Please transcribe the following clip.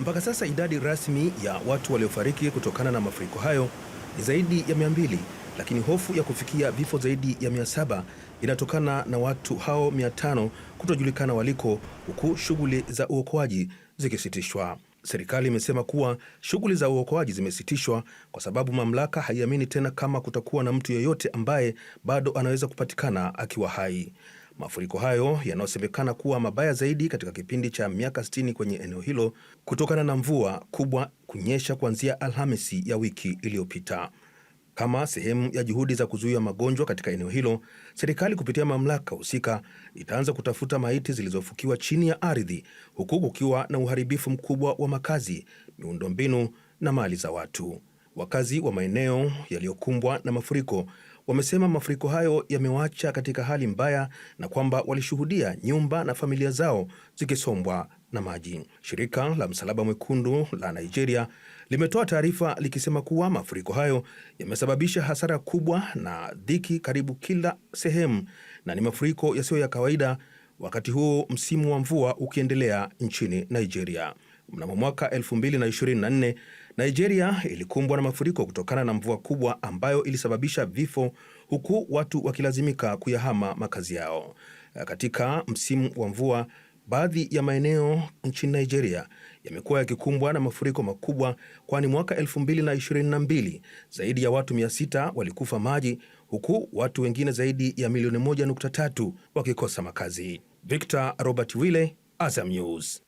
Mpaka sasa idadi rasmi ya watu waliofariki kutokana na mafuriko hayo ni zaidi ya mbili, lakini hofu ya kufikia vifo zaidi ya saba inatokana na watu hao tano kutojulikana waliko, huku shughuli za uokoaji zikisitishwa. Serikali imesema kuwa shughuli za uokoaji zimesitishwa kwa sababu mamlaka haiamini tena kama kutakuwa na mtu yeyote ambaye bado anaweza kupatikana akiwa hai. Mafuriko hayo yanayosemekana kuwa mabaya zaidi katika kipindi cha miaka 60 kwenye eneo hilo kutokana na mvua kubwa kunyesha kuanzia Alhamisi ya wiki iliyopita. Kama sehemu ya juhudi za kuzuia magonjwa katika eneo hilo, serikali kupitia mamlaka husika itaanza kutafuta maiti zilizofukiwa chini ya ardhi, huku kukiwa na uharibifu mkubwa wa makazi, miundombinu na mali za watu. Wakazi wa maeneo yaliyokumbwa na mafuriko wamesema mafuriko hayo yamewacha katika hali mbaya na kwamba walishuhudia nyumba na familia zao zikisombwa na maji. Shirika la Msalaba Mwekundu la Nigeria limetoa taarifa likisema kuwa mafuriko hayo yamesababisha hasara kubwa na dhiki karibu kila sehemu na ni mafuriko yasiyo ya kawaida, wakati huu msimu wa mvua ukiendelea nchini Nigeria. Mnamo mwaka 2024 Nigeria ilikumbwa na mafuriko kutokana na mvua kubwa ambayo ilisababisha vifo huku watu wakilazimika kuyahama makazi yao. Katika msimu wa mvua, baadhi ya maeneo nchini Nigeria yamekuwa yakikumbwa na mafuriko makubwa, kwani mwaka 2022 zaidi ya watu 600 walikufa maji, huku watu wengine zaidi ya milioni 1.3 wakikosa makazi. Victor Robert wille Azam News.